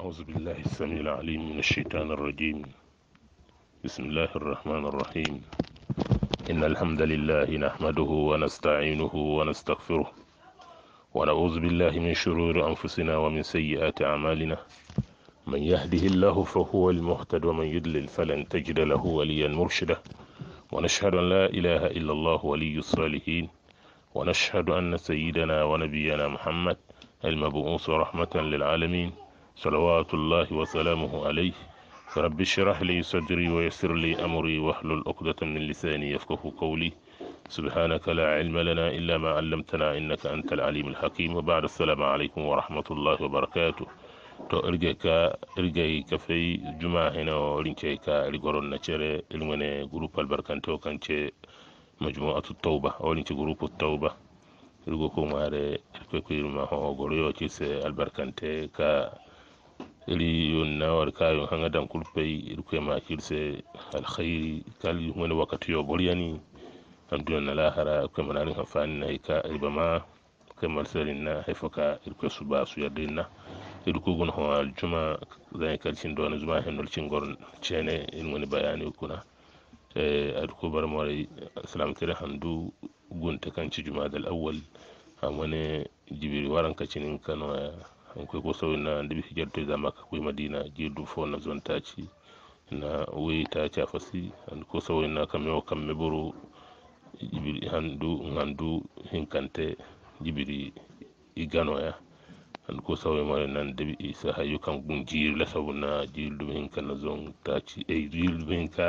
أعوذ بالله السميع العليم من الشيطان الرجيم بسم الله الرحمن الرحيم إن الحمد لله نحمده ونستعينه ونستغفره ونعوذ بالله من شرور أنفسنا ومن سيئات أعمالنا من يهده الله فهو المهتد ومن يضلل فلن تجد له وليا مرشدا ونشهد أن لا إله إلا الله ولي الصالحين ونشهد أن سيدنا ونبينا محمد المبعوث رحمة للعالمين صلوات الله وسلامه عليه فرب اشرح لي صدري ويسر لي امري واحلل عقدة من لساني يفقه قولي سبحانك لا علم لنا الا ما علمتنا انك انت العليم الحكيم وبعد السلام عليكم ورحمة الله وبركاته تو ارجيكا ارجيكا في جمعة هنا ورينتيكا ارجورون نشرة المنى جروب البركانتو كانتي مجموعة التوبة ورينتي جروب التوبة ارجوكم هذا الكوكيل ما هو غريوتي سي البركانتي كا iri yon nawar kayon hanga dan ma irkwe makirse alkhairi kali wani wakati yo boryani an duniya na lahara kwe manarin hafani na ma ibama kwe marsarin na haifaka irkwe su ba su yarda na irko gun hawa aljuma zai kalcin da wani zuma hin cin gorn cene in wani bayani kuna e, a irko bar mawari salamtare handu gun ta ci juma da awwal a wani jibiri waran kacinin kano koy ko sawina nde ɓi zama ka koye madina jirdu fo na ta taci na wai taci a fasi an ko na kamme o kan meburu jibiri handu handu hinkante jibiri igano ya an ko sawe mare nan deɓi isa hayu kan gun la sabu na jirɗum hinka na zon taci e eh, jirɗum hinka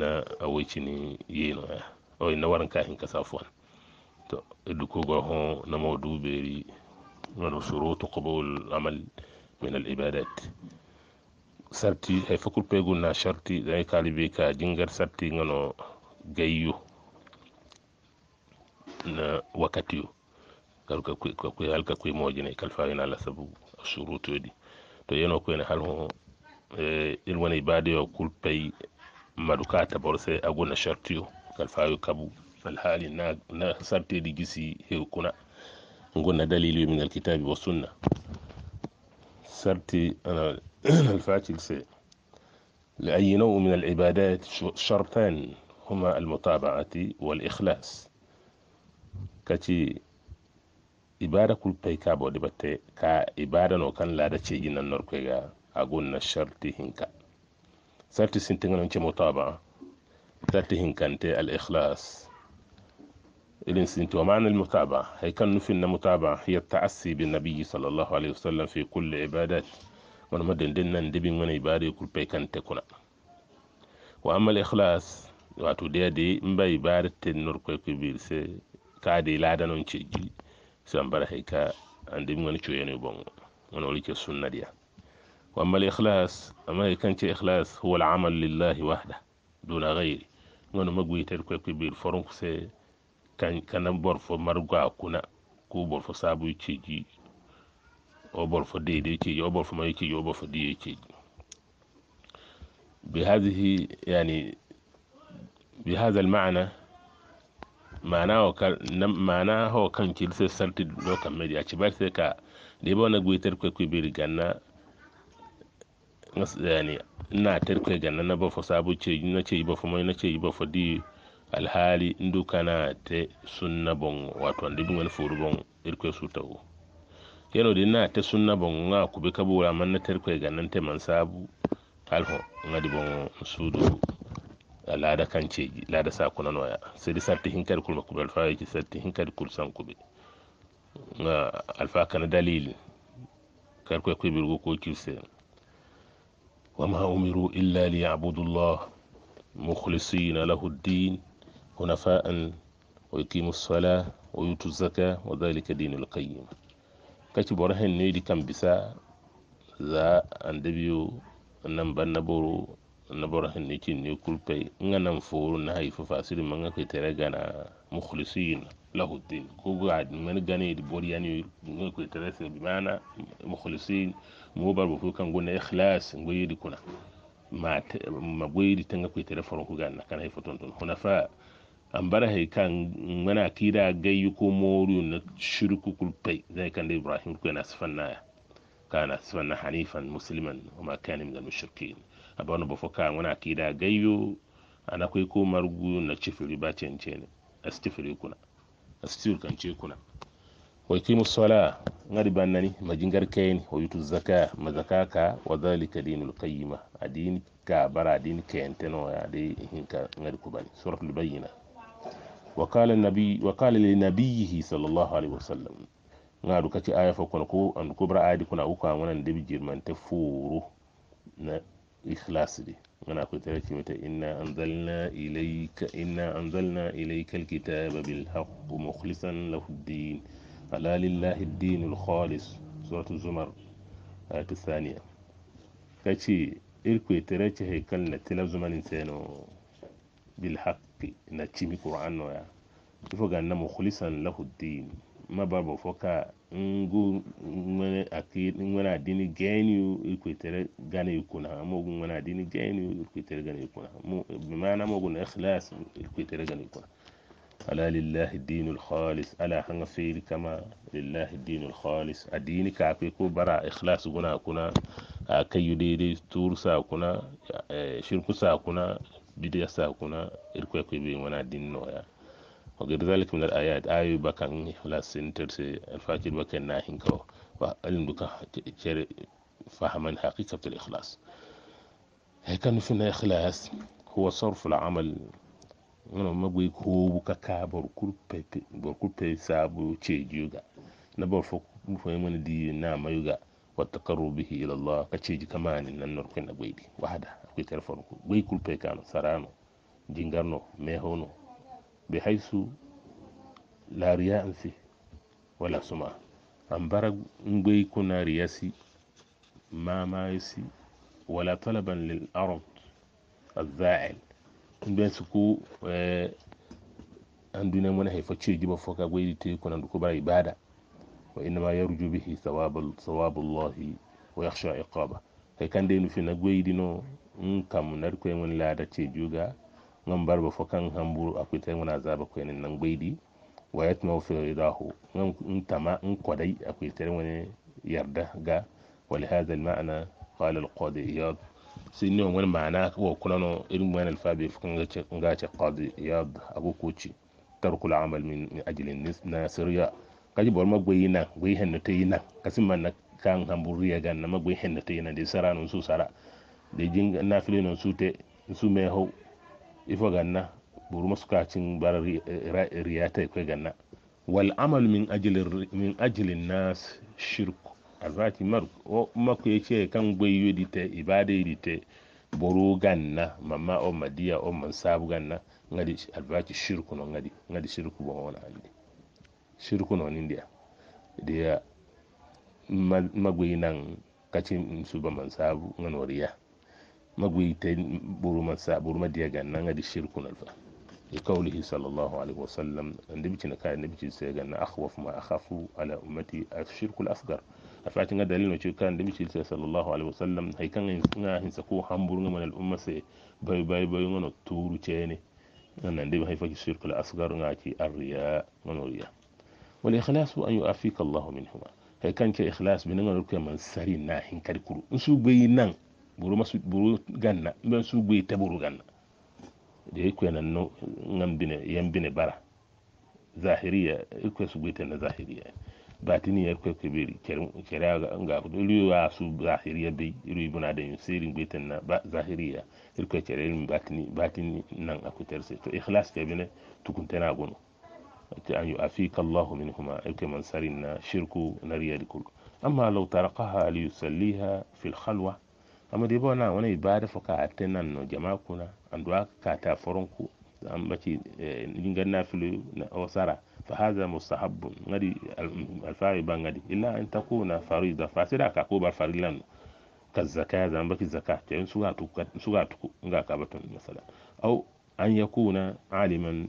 na a woycini yenoya oy na waran ka hinka safuan to edu ko gor ho na mawdu ɓeeri وشروط قبول العمل min al sarti hay fokur pegol na sharti ɗay kalibe ka jingar sarti gano gayyu na wakkati o kalkakuy halka kuy mojine kalfawina ala sabu surutoɗi to yeno koyne hal ho il wona ibade o kulpey maɗu ka tabor se agona sharti o kalfawi kabu alhaali na sarteɗi gisi hew kuna gonna dalili min alkitabi wa sunna sarti ana alfacil se لأي نوع من العبادات شرطان هما المتابعة والإخلاص كتي ibada kul pay ka bodi batte ka ibada no kan lada ceji nan nor ko ga agun na sharti hinka sarti sintinga non ce mutaba sarti hinkante al ikhlas الانسنت ومعنى المتابعة هي كان نفن متابعة هي التأسي بالنبي صلى الله عليه وسلم في كل عبادات من مدن دنا ندبي من عبادة كل بيكان تكونا وأما الإخلاص واتو دي دي مبا عبادة النور كوي كبير سي كادي لادا نون تشجي سنبرا هيكا عندي من نشو شوية نيبون من أولي السنة دي وأما الإخلاص أما هي كانت إخلاص هو العمل لله وحده دون غيره من مقوي تركوي كبير فرنك سي kanan borfo margo akuna ko borfo sabu ceji o borfo daidai ceji o borfo mai ceji o borfo diye ceji بهذه يعني بهذا المعنى معناه كان معناه كان كيلس سنت ci bar sai ka dai ba بونا gwitar كو kai bir ganna yani ina tarkai ganna na bafo sabu ce na ce bafo mai na ce bafo di alhaali ndukanaate sunna boŋ wato andi ɓuŋen fooru boŋ erikoe sutawu yeno de naate sunna boŋ ŋa kube kabuwura mannata erikoe gannante man saabu alho ŋadi boŋo suudu laada kanceeji laada sakunanoya sedi sarti hinkadi kulma kube alfa yeki sarti hinkadi kul san kube ŋa alfa kana dalil karikoe kuibirgo ko kirse wama umiru illa liyabudu llah mukhlisina lahu ddine hunafa'an wa yuqimu sala wa yutu zaka wa dhalika dinul qayyim kati bor hen noydi kam bisa za andabiyo nan ban naboro naboro hen ne cin ne kulpe nga nan foru na haifa fasiri manga kai tere gana mukhlisin lahu din ko ga men gane di bor yani nga kai tere se bi mana mukhlisin mu bar bu kan gona ikhlas ngoyi di ma ma ku haifa an bara hay kan kira kida yi ko moru na shirku kulpai zai kan da ibrahim ko na sifan na kana na hanifan musulman wa ma da min al-mushrikin abana bafo kan kira kida yi ana kai ko margu na cifiri ba cencene astifiri kuna astir kan ce kuna wa yuqimu sala ngari nani majingar kayni wa yutu zaka mazakaka wa zalika dinul qayyima adini ka bara adin kayenteno ya dai hinka ngari bani suratul bayyinah wakala nabi wakala li sallallahu alaihi wasallam ngaadu kati aya fo kono ko andu kubra adi kono uko amonan debi jirmante furu na ikhlas di ngana ko tere cimete inna anzalna ilayka inna anzalna ilayka alkitaba bilhaq mukhlisan lahu ddin ala lillahi ddin alkhalis suratu zumar ayatu thaniya kaci irkwe tere cehe kalna tila zumanin seno bilhaq haqqi na cimi qur'ano ya ifoga na mukhlisan lahu din mababo foka ngu nwere aki nwere adini geni ikwetere gana ikuna amogu nwere adini geni ikwetere gana ikuna bimana amogu na ikhlas ikwetere gana ikuna ala lillahi dinul khalis ala hanga feri kama lillahi dinul khalis adini ka akwai ko bara ikhlas guna kuna a kai daidai sa kuna eh, shirku sa kuna dide ya sa kuna irkwe kwe be wana din noya ya wa ga min al ayat ayu bakan la sinter se al fakir bakan na hin ko wa alin duka kere fahaman haqiqat al ikhlas hay kan nufin na ikhlas huwa sarf al amal wani magwai ko buka ka barkurfe sabu ce juga na barfa kuma mana di na mayuga wata karo bihi ilallah ka ce ji kama ne nan narkun na gwaidi wahada hakkude téléphone ko boy kulpe kano sarano dingatno mehono ɓe haysu laariya an si wala suma an ngoy ɓoyi kona riya si mamayo si wala talaban lil arad azail ɓen eh andune mona he fo ciji ba foka goy tewi ko nan ko ɓara ibada wa innama yarju bihi sawabu llahi wa yakhsha iqaba hay kande no fina goyiɗino nkam nar kwe wani lada ce juga ngam barba fo kan hamburu akwai tai wani azaba kwe nin nan gbaidi wa ya yatma fi ridahu ngam in kwadai akwai tai wani yarda ga wali hazal ma'ana ma'na kwadai ya su yi sin wani ma'ana ko kuna no irin wani alfabe fo kan gace gace qadi iyad agokoci tarkul amal min ajlin nasiriya kaji bor magwe yina gwe henno te yina kasim man kan hamburu ya ganna magwe henno te yina de sarano su sara de jinga nafile noon suute suume how il faut ganna ɓuurma sukacin bara riyatay e koye ganna wal amalu min ajili min ajili nas shirku alfati mar o makkoye ce kan ɓoy yoɗite ibada yoɗite ɓoru ganna mamma o ma diya o man sabu ganna gadi alfati shirku noon gadi gadi shirku bo on andi shirku noon indiya diya ma ɓoy nan kacin suba man sabu gano riya magwita buruma sa buruma diya ga a ga dishir kunal fa li sallallahu alaihi wa sallam bici na kai andi sai ga na akhwaf ma akhafu ala ummati ashirk al asghar afatin ga dalilin ci kan andi bici sai sallallahu alaihi wa sallam hay kan ga ko hamburu ga manal umma sai bay bay bay ngono turu cene nan andi bai fa wal ikhlasu an yu'afika allah minhuma hay kan ko sari na hin kar kuru nan buru masu buru ganna men su gwe ta buru ganna da yake nan no ngam bine yan bine bara zahiriya yake su gwe na zahiriya batini ya kwe kebiri kere nga iliyo wa su zahiriya bai iliyo buna da yin sirin gwe ta na zahiriya yake kere ilimin batini batini nan akutar sai to ikhlas ke bine tukuntana gono أن يعافيك الله منهما كمن سرنا شرك نريا لكل أما لو تركها ليسليها fil Khalwa. amma wani ba wona ibada fo ka attenan no jama kuna duwa ka ta foronku an baci eh, na filo na osara fa hadha mustahabbun ngadi alfahari ban ngadi illa an ta takuna farida fasira ka ko bar lan ka zakaya zan baki ta to suga tu suga tu nga ka batun masala au an kuna aliman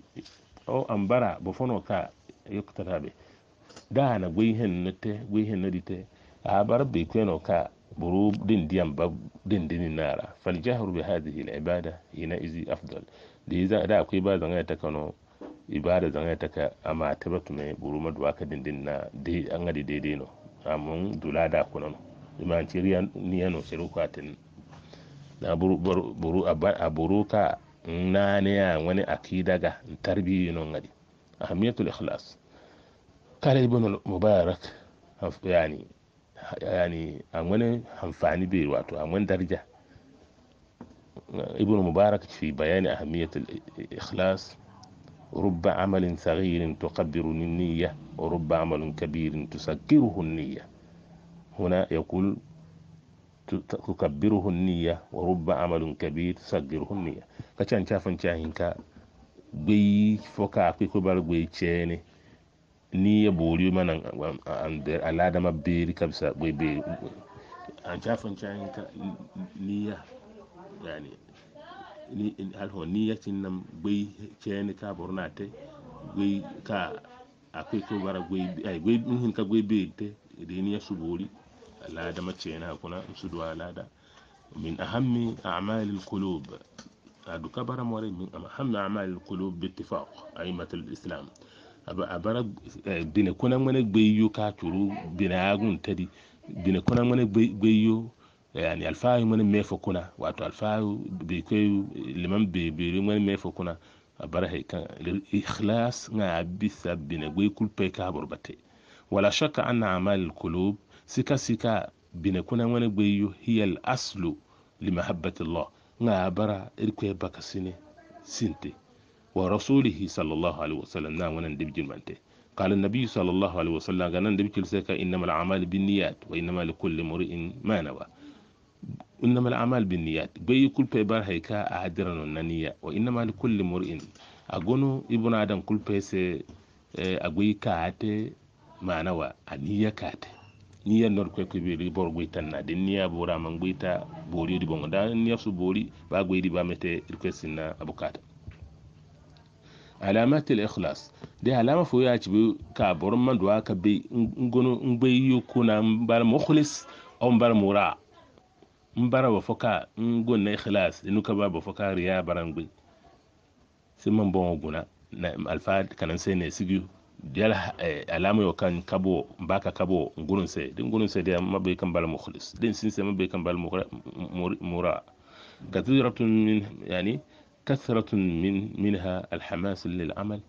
au an bara bofono ka yuktara be da na gwihin nate gwihin nadite a bar be na ka burub din diyam ba din din nara fal jahru bi hadhihi al ibada Ina, izi afdal da za da akwai ba zanga ta kano ibada zanga ta ka amma tabatu ne buruma duwa ka din din na dai an ga daidai no amun dula da kuna no iman ciriya ni yano ciru kwatin na buru buru a ka na ne ya wani akida ga tarbiyi no ngadi ahmiyatul ikhlas kare ibn mubarak yani yani an wani amfani bai wato a wani darja ibn mubarak fi bayani a hamiyatul ikhlas rubba amalin tsagirin to kabirunin niyya rubba amalin kabirin to sakiruhun niyya huna ya kul tukabbiruhun niyya wa rubba amalin kabir ka can cahinka bai foka akwai kubar ce ne ni ya bori mana um, um, alada ma beri kamsa bebe an cafin cayin ta niya yani ni ni ya cin nan gbai cayin ka borna te gbai ka akwai ko bara gbai ai gbai hin ka gbai be te da niya su bori aladama cayin hakuna su duwa alada min ahammi a'malil qulub duka bara more min ahammi a'malil qulub bi ittifaq a'immatul islam a bara eh, bine kona ŋmene gbeyo ka coro bine agun tadi bine kona ŋmene gbeyo eh, yani alfayu ŋmene mefo kuna wato alfayu be kweyu liman be beri ŋmene mefo kuna a bara he kan ikhlas ŋa abisa bine gbe kulpe ka borbate wala shakka anna amal kulub sika sika bine kuna ŋmene gbeyo hiya al aslu limahabbati llah ŋa a bara irkwe bakasine sinte wa rasulihi sallallahu alaihi wasallam na wannan dibjin mante قال النبي صلى الله عليه وسلم قال أن دبك السكة إنما الأعمال بالنيات وإنما لكل امرئ ما نوى إنما الأعمال بالنيات بي كل بيبار هيكا أهدرا النية وإنما لكل امرئ أقولوا ابن آدم كل بيس أقوي كاتي ما نوى النية كاتي niya nor kwe kwe biri bor gwita na de niya bora man gwita bori di bongo da niya su bori ba gwe di ba mete request na abukata alamat al-ikhlas de alama fo ya cibi ka boron man do aka be ngono ngbe yuko na mbal mukhlis aw mbal mura mbara ba foka ngon na ikhlas inu ka ba ba foka riya barangbe siman bon guna na alfa kanan sai ne sigi diyal alama yo kan kabo baka kabo ngurun sai din ngurun sai da mabai kan bal mukhlis din sin sai mabai kan bal mura kathiratun min yani كثرة من منها الحماس للعمل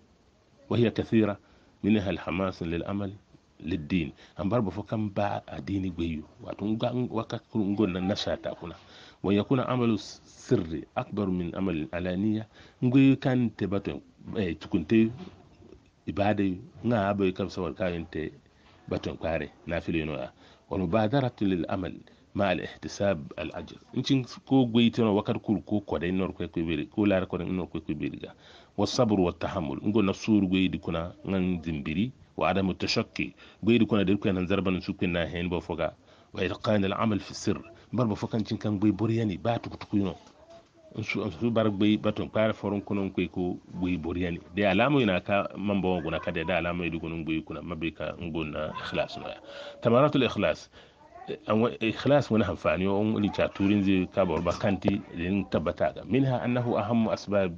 وهي كثيرة منها الحماس للعمل للدين أم بربو فكم باع الدين بيو وتنقل نشاتا هنا ويكون عمل السر أكبر من عمل العلانية نقول كان تباتن تكون تي ibadai نا abai kam sawar كاين تي باتون كاري نافلينو fili noya wal mubadaratu ma al ihtisab al ajr incin ko goyitino wakkati kul ko koda inor kwe kwe beri ko lara koda inor kwe kwe beri ga wa sabr wa tahammul ngo na suru goyidi kuna ngan dimbiri wa adamu tashakki goyidi kuna der kwenan zarban su kwenna hen bo foga wa ilqan al amal fi sirr bar bo fokan cin kan goy boriyani ba tukutukuno su bar gbe batun kpara forun kunun kwe ko gbe boriyani da alamu yana ka man bawon guna kada da alamu yana gunun gbe kuna mabika ngun na ikhlas na tamaratul ikhlas ikhlas muna eh, amfani wa wani caturin zai kaba kanti da yin tabbata ga minha annahu ahammu asbab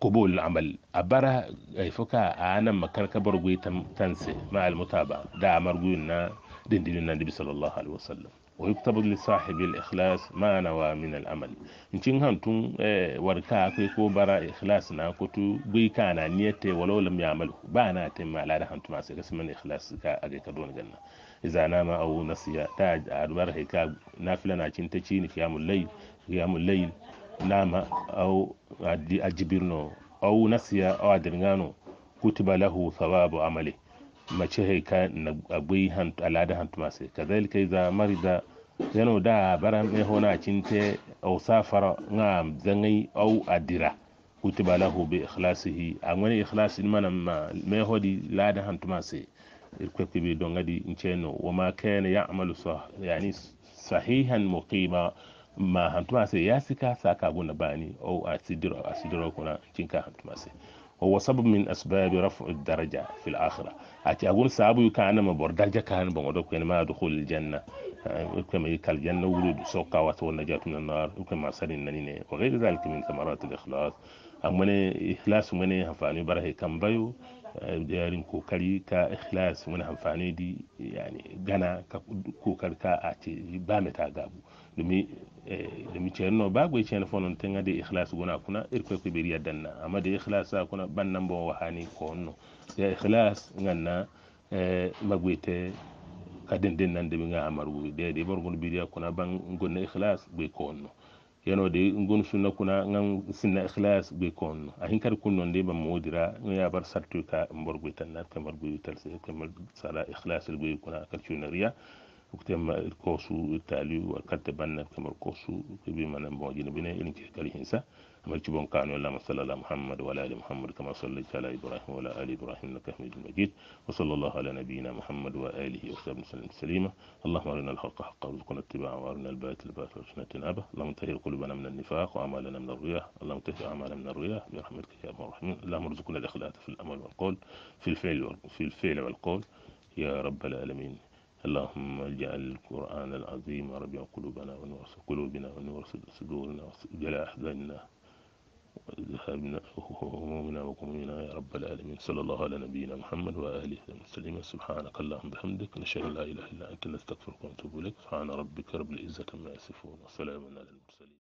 kubul eh, amal a bara aifuka a nan makarkabar gwi tanse ma ba da marguyin na dindinin na dibi sallallahu alaihi wasallam wa yuktabu li sahibi al-ikhlas ma wa min al in cin hantun eh, warka akwai ko bara ikhlas na kutu gwi kana niyyata walau lam ya'malu ba na tin ma la da hantu masu sai kasman ikhlas ka aga ka don ganna iza na aw nasiya ta arbar haika nafila na cin ta cini qiyamul layl qiyamul layl nama aw ajibirno aw nasiya aw adirngano kutiba lahu thawabu amali mace haika na agbai hantu alada hantu masu kazalika iza marida yano da baran mai hona cinte au safara nga zangai au adira kutiba lahu bi ikhlasihi an wani ikhlasi mana mai hodi lada hantu masu الكتب دونغدي انشينو وما كان يعمل صح يعني صحيحا مقيما ما هانتما سي ياسكا ساكا بونا باني او اسيدرو اسيدرو asidiro asidiro هانتما سي هو سبب من أسباب رفع الدرجة في الآخرة أتي أقول سابو كان ما بور بردرجة كان دو بمودك يعني ما دخول الجنة آه، كما يكال الجنة ولد سوقا والنجاة من النار وكما سالين نيني وغير ذلك من ثمرات الإخلاص أمني إخلاص مني هفاني بره كم بيو yarin kokari ka ikhlas wani amfani di yani gana ka kokar ka a ce ba ta gabu domin eh, domin ce no ba gwe ce na fonon ga da ikhlas guna kuna irko ko dan danna amma da ikhlas sa kuna ban nan ba wahani ko wannan ya ikhlas ganna eh, magwete kadin din nan da ga amaru da da bar gun biriya kuna ban gunna ikhlas bai ko wannan yano de ngon sunna kuna ngan sunna ikhlas be kon ahin kar kun non de ba modira ya bar sartu ka mbor bu tan ka kamar bu tal se kamar sala ikhlas be kuna kar chuna riya ko kosu tali wa kat banna kamar kosu ke bi manan bo jina bine ilin ke kali hinsa من تبون كان اللهم صل على محمد وعلى ال محمد كما صليت على ابراهيم وعلى ال ابراهيم انك حميد مجيد وصلى الله على نبينا محمد واله وصحبه وسلم سليما اللهم ارنا الحق حقا وارزقنا اتباعه وارنا الباطل باطلا وارزقنا اجتنابه اللهم طهر قلوبنا من النفاق واعمالنا من الرياء اللهم طهر اعمالنا من الرياء برحمتك يا ارحم الراحمين اللهم ارزقنا الاخلاص في الامر والقول في الفعل في الفعل والقول يا رب العالمين اللهم اجعل القرآن العظيم ربيع قلوبنا ونور قلوبنا ونور صدورنا وجلاء أحزاننا وإلهامنا وهمومنا وقومنا يا رب العالمين صلى الله على نبينا محمد وآله وسلم سبحانك اللهم بحمدك نشهد لا إله إلا أنت نستغفرك ونتوب إليك سبحان ربك رب العزة ما يصفون وسلام على المرسلين